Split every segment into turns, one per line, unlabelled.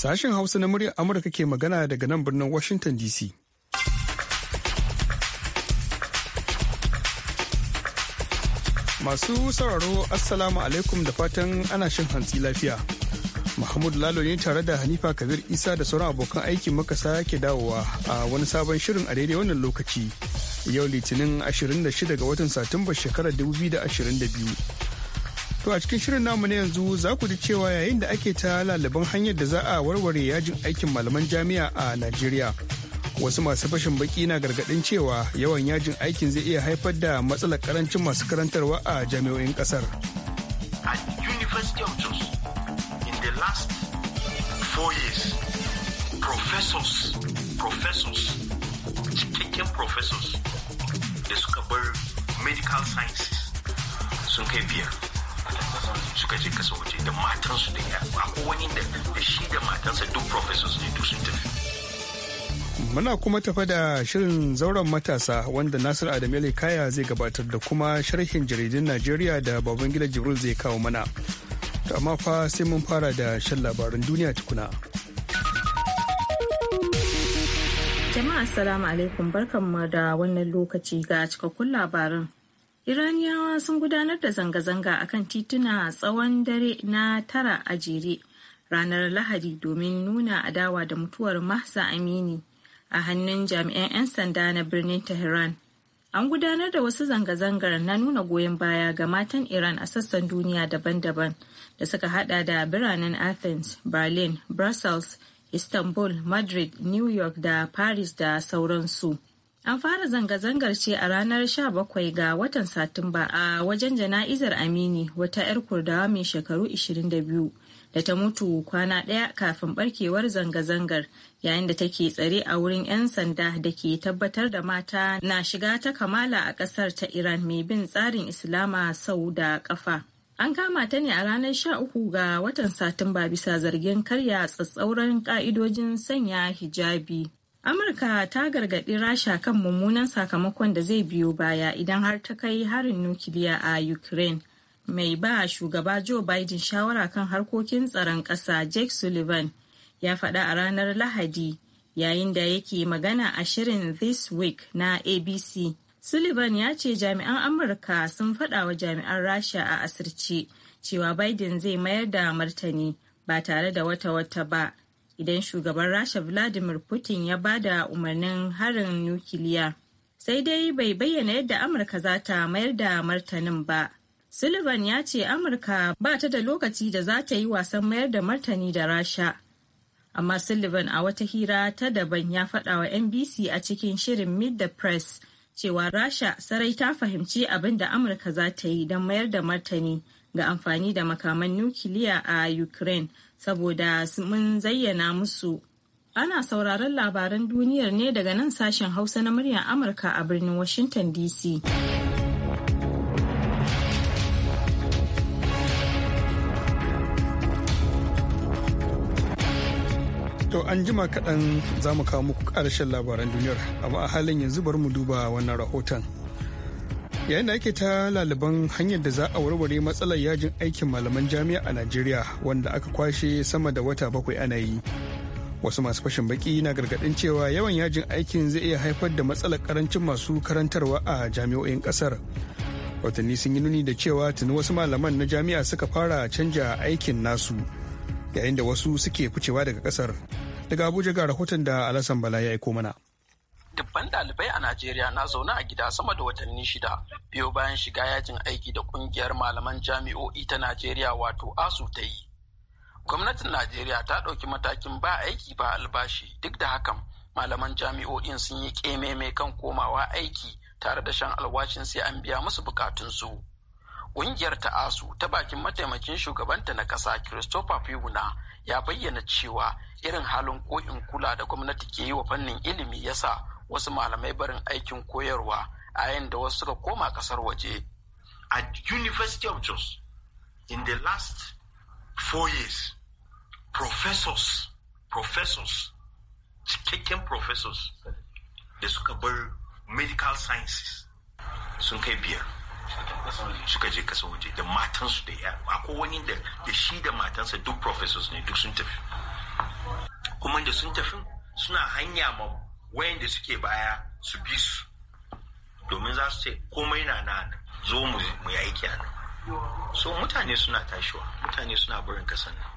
Sashen Hausa na muryar Amurka ke magana daga nan birnin Washington DC. Masu sauraro Assalamu alaikum da fatan ana shan hantsi lafiya. Mahmud Lalo ne tare da Hanifa Kabir Isa da sauran abokan aiki makasa sake dawowa a wani sabon shirin a daidai wannan lokaci. Yau Litinin 26 ga watan Satumba shekarar 2022. To a cikin shirin namu na yanzu za ku ji cewa yayin da ake ta lalaban hanyar da za a warware yajin aikin malaman jami'a a Najeriya. Wasu masu fashin baki na gargaɗin cewa yawan yajin aikin zai iya haifar da matsalar karancin masu karantarwa a jami'o'in ƙasar.
At University of Jos, in the last four years, professors,
professors, cikakken professors da suka bar medical sciences sun kai biyar. suka je kasa da matansu da ko wani da shi da matansa duk professors ne duk sun tafi
Muna kuma tafa da shirin zauren matasa wanda Nasir Adamu Kaya zai gabatar da kuma sharhin jaridun Najeriya da Babangida Jibril zai kawo mana. To amma fa sai mun fara da shan labarin duniya tukuna.
Jama'a salamu alaikum barkanmu da wannan lokaci ga cikakkun labarin. iraniyawa sun gudanar da zanga-zanga a kan tituna tsawon dare na tara a jere ranar lahadi domin nuna adawa da mutuwar mahsa amini a hannun jami'an 'yan sanda na birnin tehran an gudanar da wasu zanga-zangar na nuna goyon baya ga matan iran a sassan duniya daban-daban da suka hada da biranen athens berlin brussels istanbul madrid new york da paris da sauransu An fara zanga-zangar ce a ranar 17 ga watan Satumba a wajen jana'izar Amini wata 'yar Kurdawa mai shekaru 22 da ta mutu kwana ɗaya kafin barkewar zanga-zangar yayin da take tsare a wurin 'yan sanda da ke tabbatar da mata na shiga ta kamala a ƙasar ta Iran mai bin tsarin Islama sau da ƙafa. An kama ta ne a ranar 13 ga watan Satumba bisa zargin karya tsatsauran ka'idojin sanya hijabi. amurka ta gargaɗi rasha kan mummunan sakamakon da zai biyo baya idan har ta kai harin nukiliya a ukraine mai ba shugaba joe biden shawara kan harkokin tsaron ƙasa jake sullivan ya faɗa a ranar lahadi yayin da yake magana a shirin this week na abc sullivan ya ce jami'an amurka sun faɗa wa jami'an rasha a asirce cewa biden zai mayar da martani ba tare da wata-wata ba idan shugaban rasha vladimir putin ya ba da umarnin harin nukiliya sai dai bai bayyana yadda amurka za ta mayar da martanin ba sullivan ya ce amurka ba ta da lokaci da za ta yi wasan mayar da martani da rasha amma sullivan a wata hira ta daban ya faɗa wa nbc a cikin shirin mid the press cewa rasha sarai ta fahimci abin da amurka za ta yi don mayar da martani ga amfani da makaman nukiliya a ukraine saboda mun zayyana musu ana sauraron labaran duniyar ne daga nan sashen hausa na muryar amurka a birnin washington dc
To an jima kaɗan za mu kawo muku ƙarshen labaran duniyar, amma a halin yanzu bari mu duba wannan rahoton. yayin da ake ta laliban hanyar da za a warware matsalar yajin aikin malaman jami'a a najeriya wanda aka kwashe sama da wata bakwai ana yi wasu masu fashin baki na gargadin cewa yawan yajin aikin zai iya haifar da matsalar karancin masu karantarwa a jami'o'in kasar watanni sun yi nuni da cewa tuni wasu malaman na jami'a suka fara canja aikin nasu yayin da wasu suke ficewa daga kasar daga abuja ga rahoton da alhassan bala ya aiko mana
dubban ɗalibai a Najeriya na zauna a gida sama da watanni shida. Biyo bayan shiga yajin aiki da ƙungiyar malaman jami'o'i ta Najeriya wato ASU ta yi. Gwamnatin Najeriya ta ɗauki matakin ba aiki ba albashi duk da hakan malaman jami'o'in sun yi ƙememe kan komawa aiki tare da shan alwashin sai an biya musu bukatunsu. Ƙungiyar ta ASU ta bakin mataimakin shugabanta na ƙasa Christopher Fihuna ya bayyana cewa irin halin ko'in kula da gwamnati ke yi wa fannin ilimi yasa wasu malamai barin aikin koyarwa a yayin da wasu suka koma kasar
waje. At University of Jos, in the last four years, professors, professors, cikakken professors da suka bar medical sciences sun kai biyar suka je kasa waje da matansu da yaro akwai wani da shi da matansa duk professors ne duk sun tafi kuma da sun tafi suna hanya ma wayanda suke baya su bi su domin za su ce komai na nan zo mu yi aiki a nan so mutane suna tashiwa mutane suna barin kasan
nan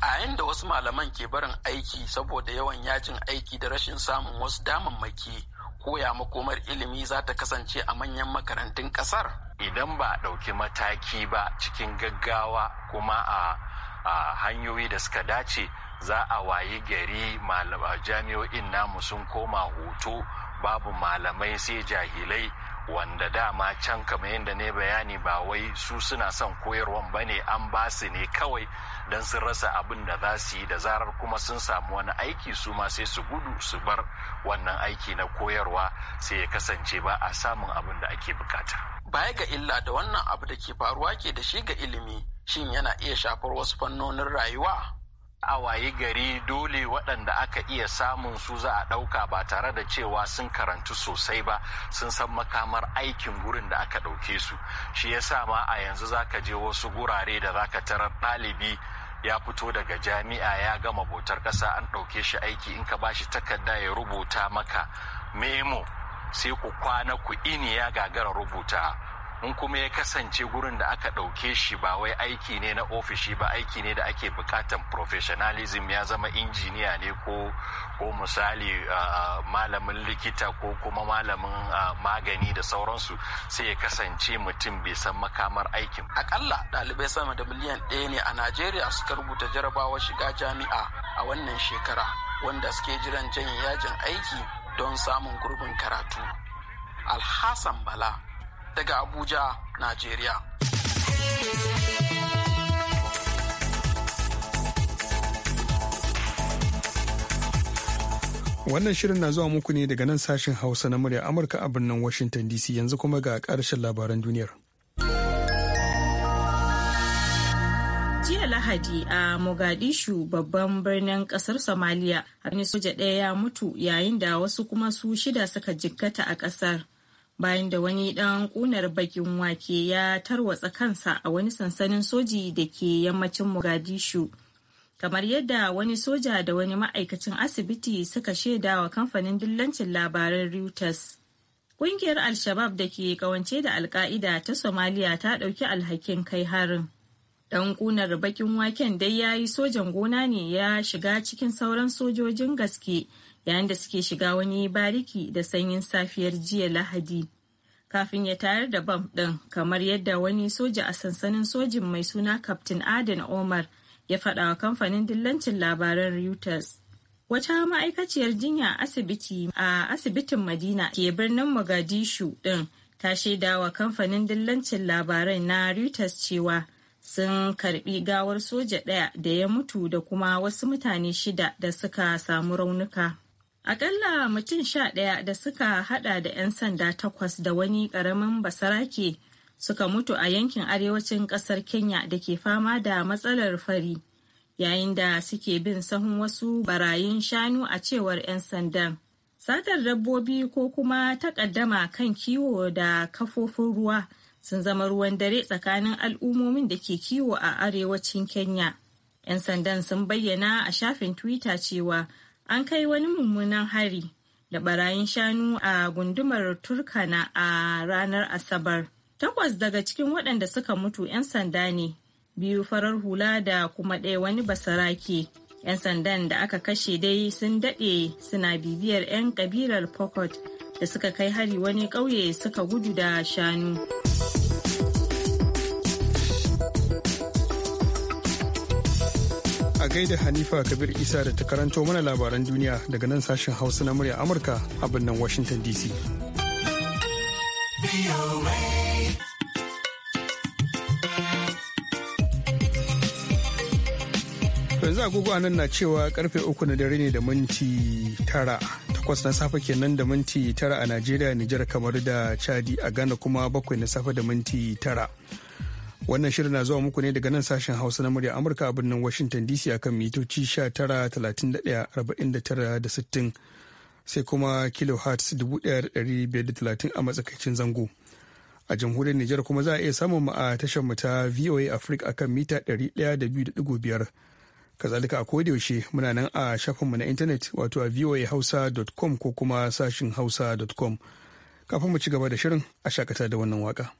a yanda wasu malaman ke barin aiki saboda yawan yajin aiki da rashin samun wasu damammaki koya makomar ilimi za ta kasance a manyan
makarantun kasar idan ba a ɗauki mataki ba cikin gaggawa kuma a hanyoyi da suka dace za a wayi gari jami'o'in namu sun koma hoto babu malamai sai jahilai wanda dama can kamar yadda ne bayani ba wai su suna son koyarwan ba ne an ba su ne kawai don sun rasa abin da za su yi da zarar kuma sun samu wani aiki su ma sai su gudu su bar wannan aiki na koyarwa sai ya kasance ba a samun abin da ake bukata. baya ga illa da wannan abu da ke faruwa ke da shi ga ilimi shin yana iya shafar wasu fannonin rayuwa a wayi gari dole waɗanda aka iya samun su za a ɗauka ba tare da cewa sun karantu sosai ba sun san makamar aikin gurin da aka ɗauke su shi ya sa ma a yanzu zaka je wasu gurare da zaka tarar ɗalibi ya fito daga jami'a ya gama botar ƙasa an ɗauke shi aiki in ka bashi takarda ya rubuta maka memo sai ku kwana ku ini ya gagara rubuta in kuma ya kasance gurin da aka ɗauke shi ba wai aiki ne na ofishi ba aiki ne da ake bukatan professionalism ya zama injiniya ne ko ko misali malamin likita ko kuma malamin magani da sauransu sai ya kasance mutum bai san makamar aikin akalla ɗalibai sama da miliyan ɗaya ne a
najeriya suka rubuta jarabawar shiga jami'a a wannan shekara wanda suke jiran yajin aiki don samun gurbin karatu alhassan bala daga Abuja, Najeriya.
Wannan shirin na zuwa muku ne daga nan sashen Hausa na murya Amurka a birnin Washington DC yanzu kuma ga ƙarshen labaran duniyar.
jiya lahadi a mogadishu babban birnin kasar somaliya wani soja ɗaya ya mutu yayin da wasu kuma su shida suka jikkata a kasar bayan da wani ɗan ƙunar bakin wake ya tarwatsa kansa a wani sansanin soji da ke yammacin mogadishu kamar yadda wani soja da wani ma'aikacin asibiti suka shaida wa kamfanin dillancin labaran reuters ƙungiyar al-shabab da ke kawance da alka'ida ta somaliya ta ɗauki alhakin kai harin ɗan ƙunar bakin waken dai ya yi sojan gona ne ya shiga cikin sauran sojojin gaske yayin da suke shiga wani bariki da sanyin safiyar jiya lahadi kafin ya tayar da bam ɗin kamar yadda wani soja a sansanin sojin mai suna captain aden omar ya faɗa wa kamfanin dillancin labaran reuters wata ma'aikaciyar jinya asibiti a asibitin madina ke birnin mogadishu ɗin ta shaida wa kamfanin dillancin labaran na reuters cewa sun karbi gawar soja ɗaya da ya mutu da kuma wasu mutane shida da suka samu raunuka. Akalla mutum sha ɗaya da suka hada da 'yan sanda takwas da wani ƙaramin basarake suka mutu a yankin arewacin ƙasar Kenya da ke fama da matsalar fari yayin da suke bin sahun wasu barayin shanu a cewar 'yan sandan. Satar dabbobi ko kuma takaddama kan kiwo da kafofin ruwa sun zama ruwan dare tsakanin al'ummomin da ke kiwo a arewacin Kenya. 'Yan sandan sun bayyana a shafin Twitter cewa an kai wani mummunan hari da barayin shanu a gundumar turkana a ranar asabar takwas daga cikin waɗanda suka mutu 'yan sanda ne biyu farar hula da kuma ɗaya wani basarake 'yan sandan da aka kashe dai sun daɗe suna bibiyar 'yan ƙabilar pokot da suka kai hari wani ƙauye suka gudu da shanu.
a gaida Hanifa Kabir Isa da ta karanto mana labaran duniya daga nan sashen Hausa na murya Amurka a birnin Washington DC. yanzu agogo a nan na cewa karfe uku na dare ne da minti tara takwas na safe kenan da minti tara a najeriya nijar kamar da chadi a ghana kuma bakwai na safe da minti tara Wannan shirin na zuwa muku ne daga nan sashen Hausa na murya Amurka a birnin Washington DC akan mitoci 19,31,49,60 sai kuma kilohertz 1,530 a matsakaicin zango. A jamhuriyar Nijar kuma za a iya samun mu a tashar mu ta VOA Africa akan mita 102.5. Kazalika a yaushe muna nan a shafinmu na intanet wato a voahausa.com ko kuma sashin hausa.com. Kafin mu ci gaba da shirin a shakata da wannan waka.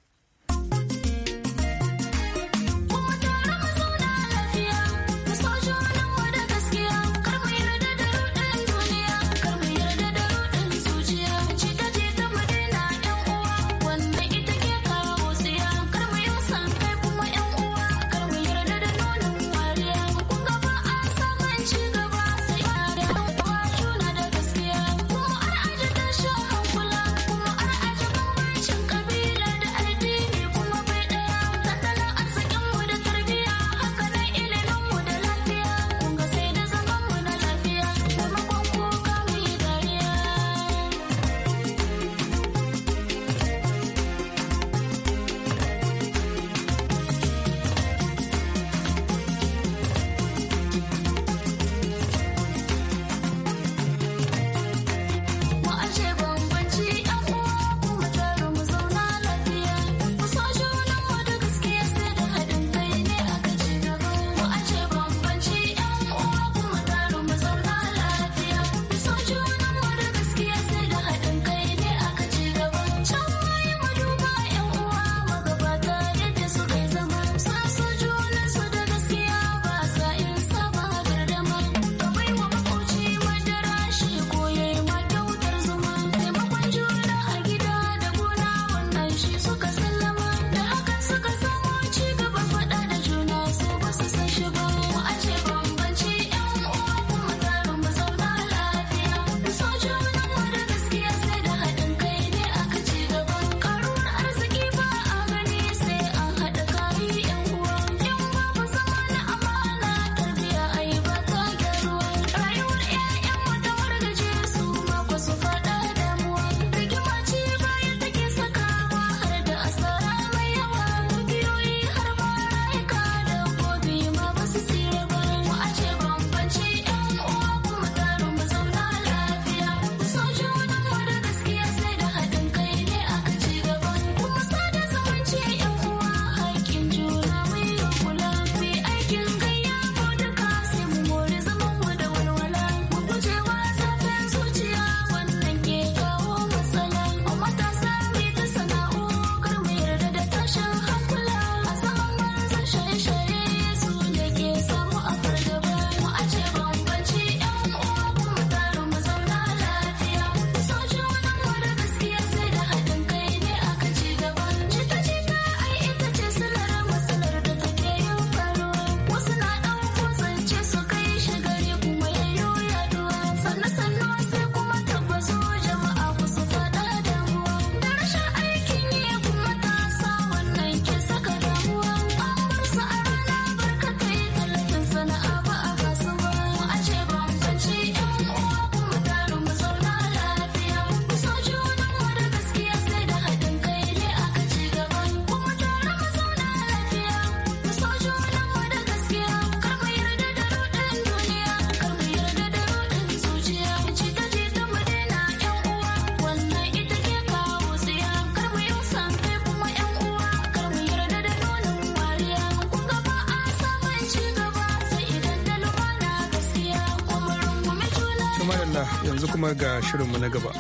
kuma ga shirinmu na gaba.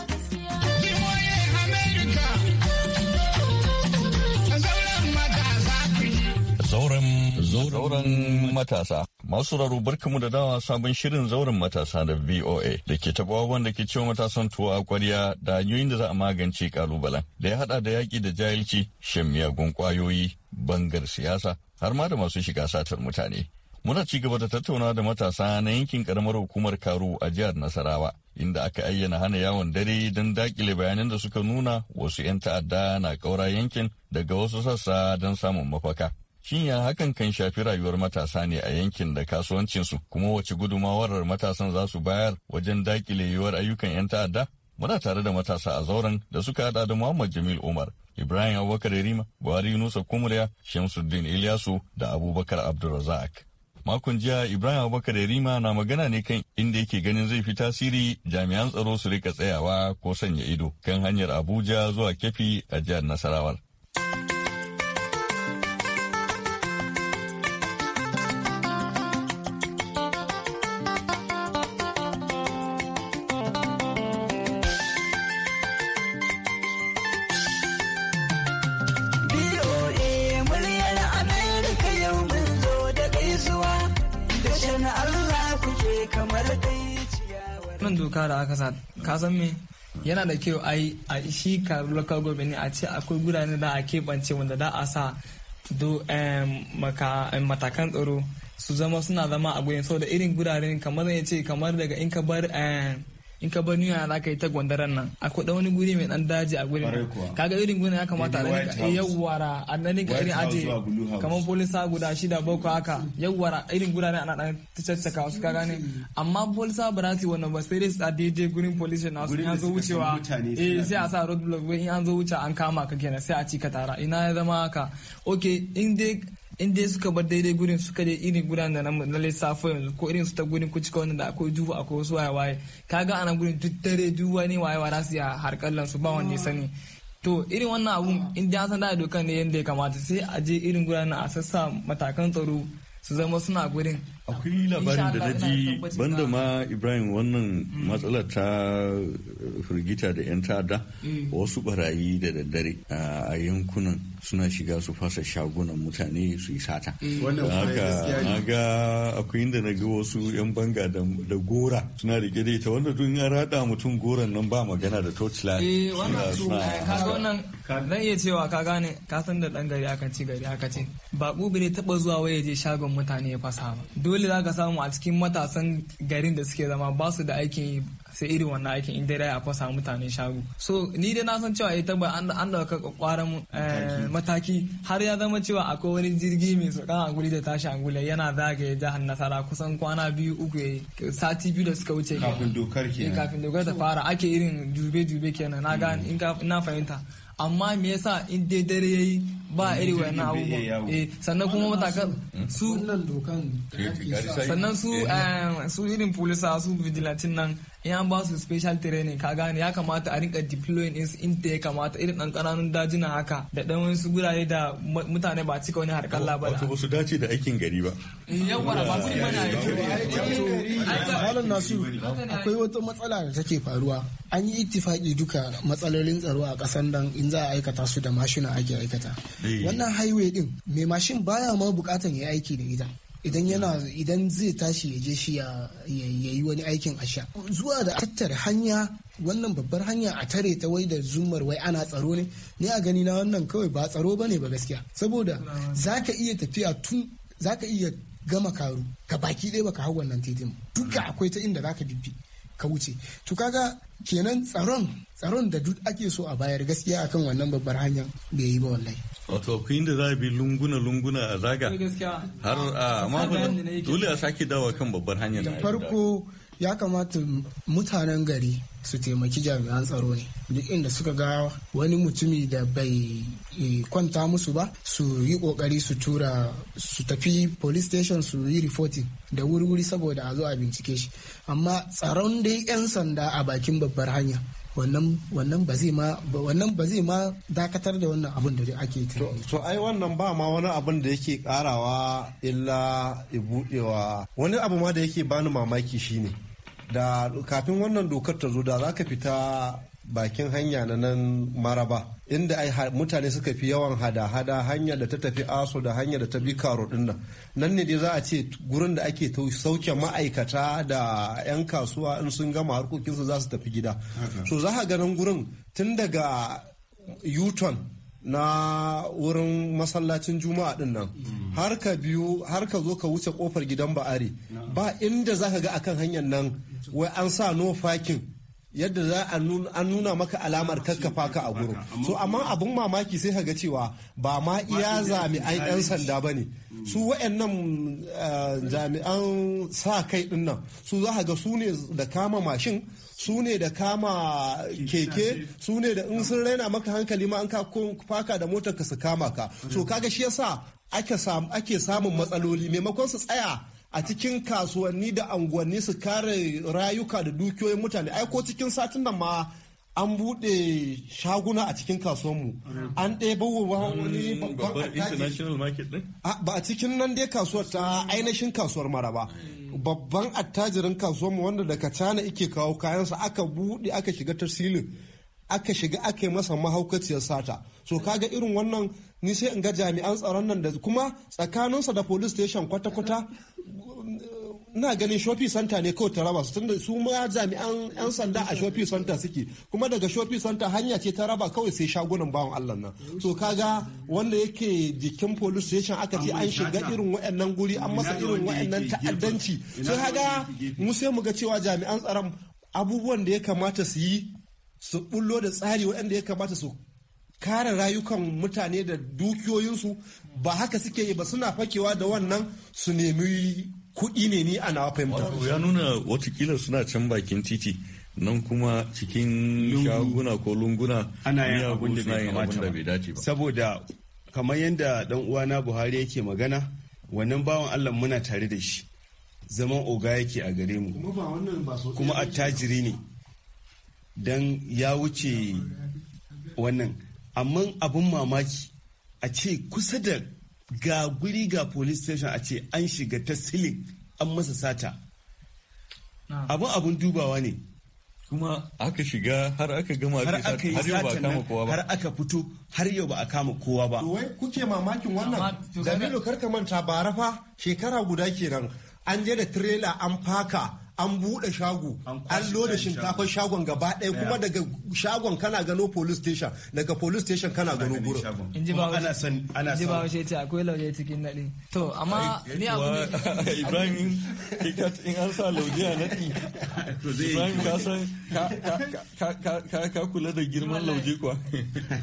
Zauren matasa. Masu raro barkamu da dawa sabon shirin zauren matasa da VOA da ke taɓa wanda ke cewa matasan tuwa a kwarya da hanyoyin da za a magance kalubalen da ya haɗa da yaƙi da jahilci, shan miyagun ƙwayoyi, bangar siyasa, har ma da masu shiga satar mutane. Muna ci gaba da tattauna da matasa na yankin karamar hukumar karu a jihar Nasarawa, inda aka ayyana hana yawon dare don dakile bayanan da suka nuna wasu 'yan ta'adda na kaura yankin daga wasu sassa don samun mafaka. Shin ya hakan kan shafi rayuwar matasa ne a yankin da kasuwancinsu kuma wace gudumawar matasan za su bayar wajen dakile yiwuwar ayyukan 'yan ta'adda? Muna tare da matasa a zauren da suka hada da Muhammad Jamil Umar, Ibrahim Abubakar Rima, Buhari Yunusa Kumuriya, Shamsuddin Ilyasu da Abubakar Abdulrazak. Makon jiya Ibrahim Abubakar Rima na magana ne kan inda yake ganin zai fi tasiri jami'an tsaro su rika tsayawa ko sanya ido kan hanyar Abuja zuwa Kefi a jihar Nasarawar.
kasa ka san me yana da kyau ai a shi ka local government a ce akwai gurane da a keɓance wanda da a sa do matakan tsaro su zama suna zama a gurin saboda irin guraren kamar ya ce kamar daga in ka bar in ka bar nuna za ka yi ta gwandaran nan akwai da wani guri mai dan daji a gurin kaga irin gurin ya kamata a rinka eh, yawwara a nan ka irin aje kamar polisa guda shida boko haka yawwara irin gurare ana dan tattaka wasu ka gane amma polisa ba za su wannan ba sai dai su daidai gurin police na su yanzu wucewa eh sai a sa road block in an zo wuce an kama ka kenan sai a ci ka tara ina ya zama haka okay in dai in dai suka bar daidai gurin suka je irin gudanar na na lissafo yanzu ko irin su ta gurin ku cika da akwai duba akwai wasu waye waye kaga ana gurin duk dare duk wani waye za su ya harkar su ba wanda sani to irin wannan abun in dai san da dokan ne yadda ya kamata sai a je irin gudanar a sassa matakan tsaro su zama suna gurin
akwai labarin da na ji banda ma ibrahim wannan mm. matsala ta eh, firgita da 'yan ta'adda mm. wasu barayi da daddare eh, a yankunan suna shiga su fasa shagunan mutane su yi sata mm. haka na ga akwai inda na ga wasu 'yan banga da gora suna rike da ita wanda duk ya rada mutum goran nan ba magana da torchlight eh,
zan iya cewa ka gane ka san da dan gari aka ci gari aka ci baƙo bai taɓa zuwa waye je shagon mutane ya fasa ba dole za ka samu a cikin matasan garin da suke zama ba su da aikin sai irin wannan aikin in dai a fasa mutanen shago so ni dai na san cewa ita eh ba an dauka kwaran eh, mataki har ya zama cewa akwai wani jirgi mai saukan anguli da tashi anguli yana zagaye jihar nasara kusan kwana biyu uku eh, sati biyu da suka wuce kafin dokar kenan kafin dokar ta fara ake irin dube dube kenan mm. na fahimta amma me yasa in dai dare yayi ba iri wani abubuwan eh sannan kuma matakan
su hmm? sannan su eh, eh.
Eh, su irin polisa su vigilantin nan in an ba su special training ka gane ya kamata a rinka deploying din su inda ya kamata irin dan kananun dajina haka da dan wasu gurare da mutane ba cika wani harkar labar wato
ba su dace da aikin gari ba eh,
yawa ba
su mana
malam nasu akwai wata matsala da take faruwa an yi ittifaki duka matsalolin tsaro a kasan nan in za a aikata su da mashina ake aikata eh. wannan highway din mai mashin baya ma bukatan ya aiki da ita idan yana idan zai tashi ya je shi ya yi wani aikin a sha zuwa da tattara hanya wannan babbar hanya a tare ta wai da zumar wai ana tsaro ne ni a gani na wannan kawai ba tsaro ba ne ba gaskiya saboda zaka iya tafiya tun zaka iya gama karu ka baki ɗaya baka hau wannan titin duka akwai ta inda zaka bibbi ka wuce to kaga kenan tsaron tsaron da duk ake so a bayar gaskiya akan wannan babbar hanya bai yi ba wallahi
wato kun da za a bi lunguna-lunguna a zaga eh, har a mafi dole a sake dawa kan babbar hanyar da farko
ya kamata mutanen gari su taimaki jami'an tsaro ne duk inda suka ga wani mutumi da bai eh, kwanta musu ba su yi kokari su tura su tafi police station su yi reporting da wuri-wuri saboda a zo a bincike shi amma tsaron dai 'yan sanda a bakin babbar hanya wannan ba zai ma dakatar da wannan abin da ake
tunani to ai wannan ba ma wani abin da yake karawa illa ibudewa wani abu ma da yake bani mamaki shine da kafin wannan dokar ta zo da za ka fita bakin hanya na nan maraba inda ai mutane suka fi yawan hada-hada hanya da ta tafi aso da hanya da ta bi karo dinna nan ne dai za a ce gurin da ake sauke ma'aikata da 'yan kasuwa in sun gama harkokinsu za su tafi gida so za a ganin gurin tun daga yuton na wurin masallacin juma'a din nan har ka biyu har ka zo ka wuce kofar gidan ba'ari ba inda za ka ga akan hanyar nan wai an sa no fakin yadda za a nuna maka alamar kakkafa ka a gurin so amma abun mamaki sai ga cewa ba ma iya jami'an 'yan sanda bane ne su wa'annan eh, jami'an sa kai din nan su za ga su ne da kama mashin su ne da kama keke su ne da in sun raina maka hankali ma an ka faka da motar ka su kama ka so kaga shi yasa ake samun matsaloli maimakon su tsaya a cikin kasuwanni da unguwanni su kare rayuka da dukiyoyin mutane ai ko cikin satin nan ma an buɗe shaguna a cikin kasuwanmu an ɗebo wani mm, babban international ba a cikin nan dai kasuwar ta ainihin kasuwar mara ba babban attajirin kasuwanmu wanda daga cana ike kawo kayansa aka buɗe aka shiga tasirin aka shiga aka masa mahaukaciyar sata so kaga irin wannan ni sai in ga jami'an tsaron nan da kuma tsakaninsa da police station kwata-kwata na ganin shopping center ne kawai ta raba su tunda su ma jami'an 'yan sanda a shopping center suke kuma daga shopping center hanya ce ta raba kawai sai shagunan bawan Allah nan so kaga wanda yake jikin police station aka ce an shiga irin waɗannan guri an masa irin waɗannan ta'addanci so kaga mu sai mu ga cewa jami'an tsaron abubuwan da ya kamata su yi su bullo da tsari waɗanda ya kamata su kare rayukan mutane da
dukiyoyinsu ba haka suke yi ba suna fakewa da wannan su nemi kuɗi ne ni a nawa fahimta. ya nuna watakila suna can bakin titi nan kuma
cikin shaguna ko lunguna ana yin abin da bai kamata ba. Saboda kamar yadda dan uwana Buhari yake magana wannan bawan Allah muna tare da shi
zaman oga yake a gare mu kuma attajiri ne. don ya wuce wannan amma abin mamaki
a ce kusa da ga guri ga police station a ce an shiga ta silin an masa sata abin abin dubawa ne kuma aka shiga har aka gama
har aka yi satan har
aka fito har yau ba a kama kowa
ba wai
kuke mamakin wannan jamilu ka manta ba rafa. shekara guda kenan an je da trailer an faka an buɗe shago an loda shinkafar shagon gaba daya kuma daga shagon kana gano police station daga police station kana gano gurin in ji ba
shi ce akwai lauje cikin naɗi to amma
ni abu ne
ibrahim
in an sa lauje a naɗi
ibrahim ka san ka kula da girman lauje kuwa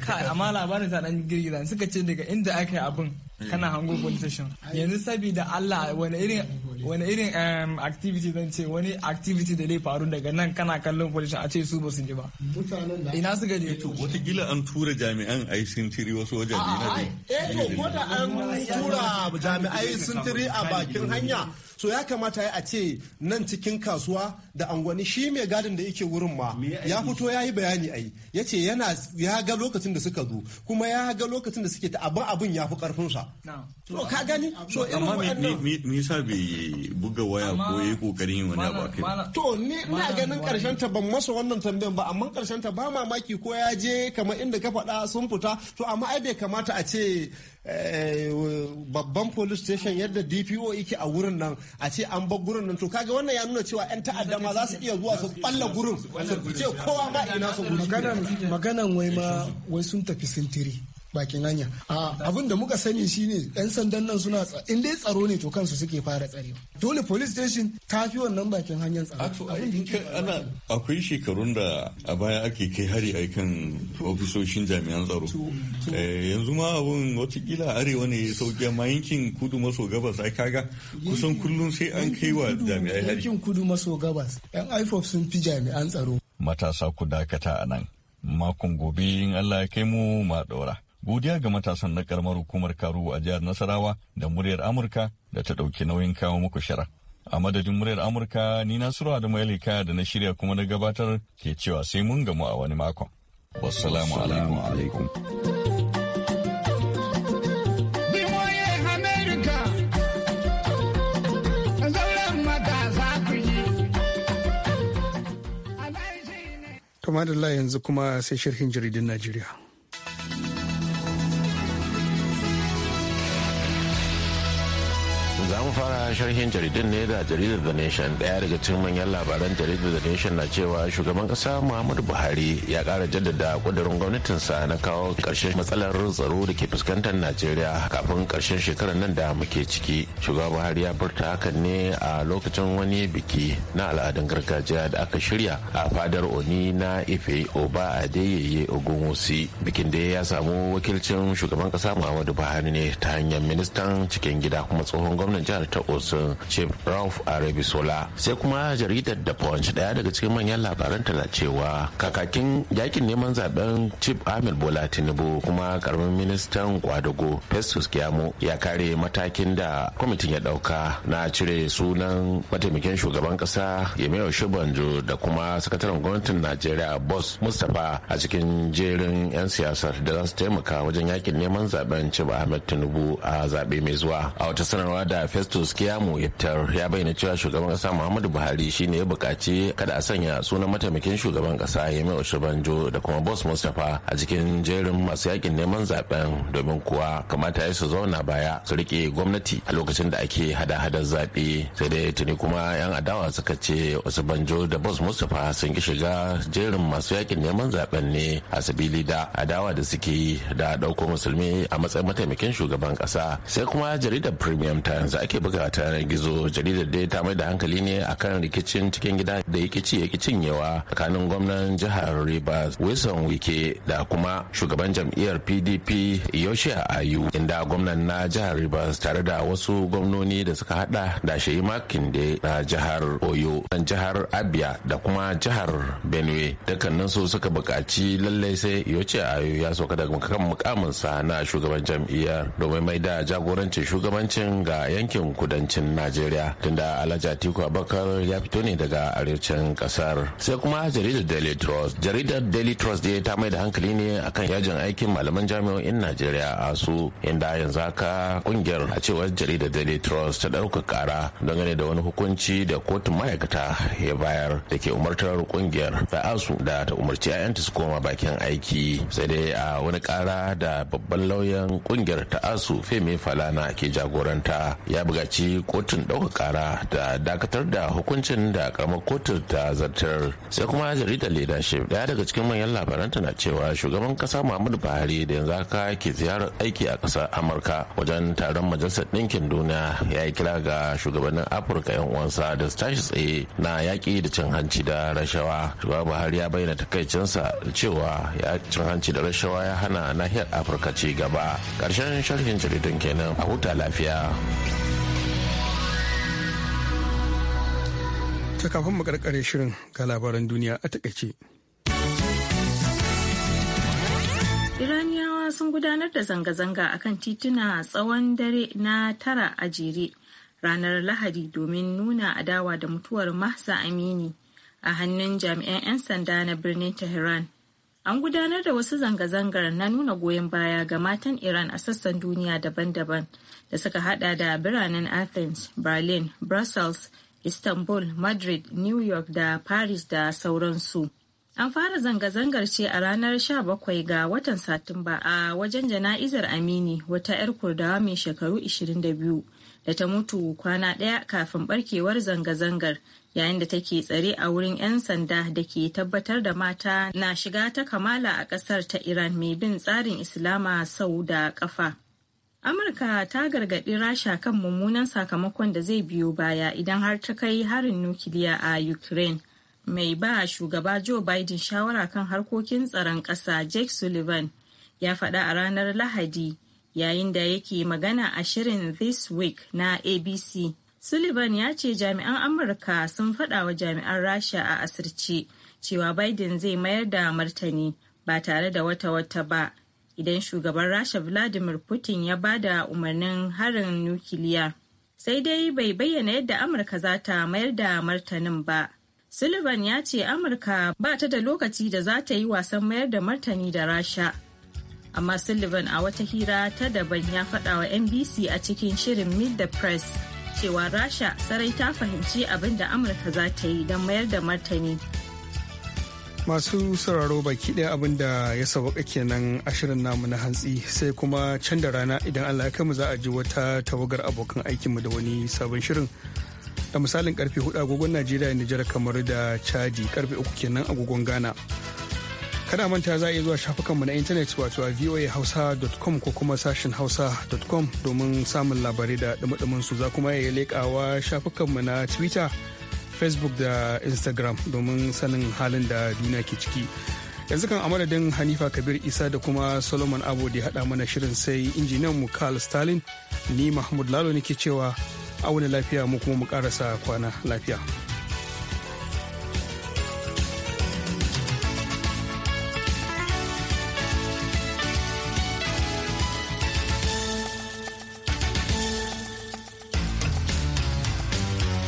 kai amma labarin ta dan girgiza suka ce daga inda aka yi abin kana hango politician station yanzu saboda Allah wani irin wani irin activity zan ce wani activity da zai faru daga nan kana kallon politician a ce su ba su ji ba
ina
suka je to gila an tura jami'an ai sun tiri wasu wajen ne na eh to ko da an tura jami'ai sun tiri a bakin hanya
so ya kamata a ce nan cikin kasuwa da angwani shi mai gadin da yake wurin ma ya fito ya yi bayani ai ya ce yana ya ga lokacin da suka zo kuma ya ga lokacin da suke ta abin ya fi sa so ka gani so irin wannan
me yasa bai buga waya ko yayi kokarin yin wani abu
to ni ina ganin karshen ta ban masa wannan tambayan ba amma karshen ta ba mamaki ko ya je kamar inda ka faɗa sun fita to amma ai bai kamata a ce Eh, babban police station yadda dpo yake a wurin nan a ce an bar gurin nan to kaga wannan ya nuna cewa yan ta'adda ma za su iya zuwa su balla gurin su ce kowa ma ina su gurin maganan wai ma
wai sun tafi sintiri bakin hanya a abin da muka sani shine yan sandan nan suna in dai tsaro ne to kansu suke fara tsarewa dole police station ta fi wannan bakin hanyar tsaro
ana akwai shekarun da a baya ake kai hari a kan ofisoshin jami'an tsaro eh, yanzu ma abun watakila arewa ne sauki amma yankin kudu maso gabas ai kaga kusan kullum sai an kai wa jami'ai hari
yankin kudu maso gabas yan ifof sun fi jami'an tsaro
matasa ku dakata a nan makon gobe in allah ya kai mu ma daura godiya ga matasan na karamar hukumar Karuwa a jihar Nasarawa da muryar Amurka da ta ɗauki nauyin kawo muku shara. A madadin muryar Amurka ni Nasiru Adamu Yalika da na shirya kuma na gabatar ke cewa sai mun gamu a wani makon. Wassalamu alaikum.
Kamar da yanzu kuma sai shirhin jaridun Najeriya.
fara sharhin jaridun ne da jaridar The Nation daya daga cikin manyan labaran jaridar The Nation na cewa shugaban kasa Muhammadu Buhari ya kara jaddada kudurin gwamnatinsa na kawo karshen matsalar tsaro da ke fuskantar Najeriya kafin karshen shekarar nan da muke ciki. Shugaba Buhari ya furta hakan ne a lokacin wani biki na al'adun gargajiya da aka shirya a fadar Oni na Ife Oba ogun wusi Bikin da ya samu wakilcin shugaban kasa Muhammadu Buhari ne ta hanyar ministan cikin gida kuma tsohon gwamnan jihar ta osun chief ralph arabisola sai kuma jaridar da punch daya daga cikin manyan labaran tana cewa kakakin yakin neman zaben chief ahmed bola tinubu kuma karamin ministan kwadago festus kiyamo ya kare matakin da kwamitin ya dauka na cire sunan mataimakin shugaban kasa yamewa shubanjo da kuma sakataren gwamnatin najeriya boss mustapha a cikin jerin 'yan siyasar da za su taimaka wajen yakin neman zaben chief ahmed tinubu a zabe mai zuwa a wata sanarwa da festus suskiya Kiyamu Yattar ya bayyana cewa shugaban kasa Muhammadu Buhari shine ya bukaci kada a sanya sunan mataimakin shugaban kasa Yemi Osinbajo da kuma Boss Mustapha a cikin jerin masu yakin neman zaben domin kuwa kamata ya su zauna baya su rike gwamnati a lokacin da ake hada-hadar zaɓe sai dai tuni kuma 'yan adawa suka ce Osinbajo da Boss Mustapha sun ki shiga jerin masu yakin neman zaben ne a sabili da adawa da suke da ɗauko musulmi a matsayin mataimakin shugaban kasa sai kuma jaridar Premium Times ake ake buga ta yanar gizo jaridar dai ta mai da hankali ne akan rikicin cikin gida da ya kici ya cinyewa tsakanin gwamnan jihar Rivers Wilson Wike da kuma shugaban jam'iyyar PDP Yoshia Ayu inda gwamnan na jihar Rivers tare da wasu gwamnoni da suka hada da Sheyi Makinde na jihar Oyo dan jihar Abia da kuma jihar Benue dukkanin su suka buƙaci lallai sai Yoshia Ayu ya sauka daga kan mukaminsa na shugaban jam'iyyar domin mai da jagorancin shugabancin ga yankin yankin kudancin najeriya tunda alhaji atiku abakar ya fito ne daga arewacin kasar sai kuma jaridar daily trust jaridar daily trust dai ta mai da hankali ne akan yajin aikin malaman jami'o'in najeriya a su inda yanzu haka kungiyar a cewar jaridar daily trust ta ɗauka kara dangane da wani hukunci da kotun ma'aikata ya bayar da ke umartar kungiyar da asu da ta umarci 'ya'yanta su koma bakin aiki sai dai a wani kara da babban lauyan kungiyar ta asu femi falana ke jagoranta ya bugaci kotun ɗaukar ƙara da dakatar da hukuncin da karamar kotun ta zartar sai kuma jaridar leadership daya daga cikin manyan labaranta na cewa shugaban ƙasa muhammadu buhari da yanzu haka ke ziyarar aiki a ƙasar amurka wajen taron majalisar ɗinkin duniya ya yi kira ga shugabannin afirka yan uwansa da su tashi tsaye na yaƙi da cin hanci da rashawa shugaban buhari ya bayyana takaicinsa cewa ya cin hanci da rashawa ya hana nahiyar afirka ci gaba ƙarshen sharhin jaridun kenan a huta lafiya
ta kafin mu karkare shirin ga labaran duniya a takaice.
Iraniyawa sun gudanar da zanga-zanga a kan tituna tsawon dare na tara a jere ranar Lahadi domin nuna adawa da mutuwar Mahsa Amini a hannun jami'an 'yan sanda na birnin Tehran. An gudanar da wasu zanga-zangar na nuna goyon baya ga matan Iran a sassan duniya daban-daban da suka hada da biranen Athens, Berlin, Brussels, istanbul madrid new york da paris da sauransu an fara zanga-zangar ce a ranar 17 ga watan satumba a wajen jana'izar amini wata 'yar kurdawa mai shekaru 22 da ta mutu kwana ɗaya kafin barkewar zanga-zangar yayin da take tsare a wurin 'yan sanda da ke tabbatar da mata na shiga ta kamala a ƙasar ta iran mai bin tsarin islama sau da ƙafa amurka ta gargaɗi rasha kan mummunan sakamakon da zai biyo baya idan har ta kai harin nukiliya a ukraine mai ba shugaba joe biden shawara kan harkokin tsaron ƙasa jake sullivan ya faɗa a ranar lahadi yayin da yake magana a shirin this week na abc sullivan ya ce jami'an amurka sun faɗa wa jami'an rasha a asirce cewa biden zai mayar da martani ba tare da wata-wata ba idan shugaban rasha vladimir putin ya ba da umarnin harin nukiliya sai dai bai bayyana yadda amurka za ta mayar da martanin ba sullivan ya ce amurka ba ta da lokaci da za ta yi wasan mayar da martani da rasha amma sullivan a wata hira ta daban ya faɗa wa nbc a cikin shirin meet the press cewa rasha sarai ta fahimci abin da amurka za ta yi don mayar da martani
masu sauraro baki ɗaya abin da ya sauƙaƙa kenan ashirin namu na hantsi sai kuma can da rana idan allah ya mu za a ji wata tawagar abokan aikinmu da wani sabon shirin da misalin karfe 4 agogon najeriya nijar kamar da chadi karfe 3 kenan agogon ghana kada manta za a iya zuwa shafukanmu na intanet wato a voahausa.com ko kuma sashin hausa.com domin samun labarai da dumadumin su za kuma iya leƙawa shafukanmu na twitter facebook da instagram domin sanin halin da duniya ke ciki yanzu kan amadadin hanifa kabir isa da kuma solomon abu da hada mana shirin sai injiniyan mu carl stalin ni mahmud lalo nake cewa auna lafiya mu kuma mu karasa kwana lafiya.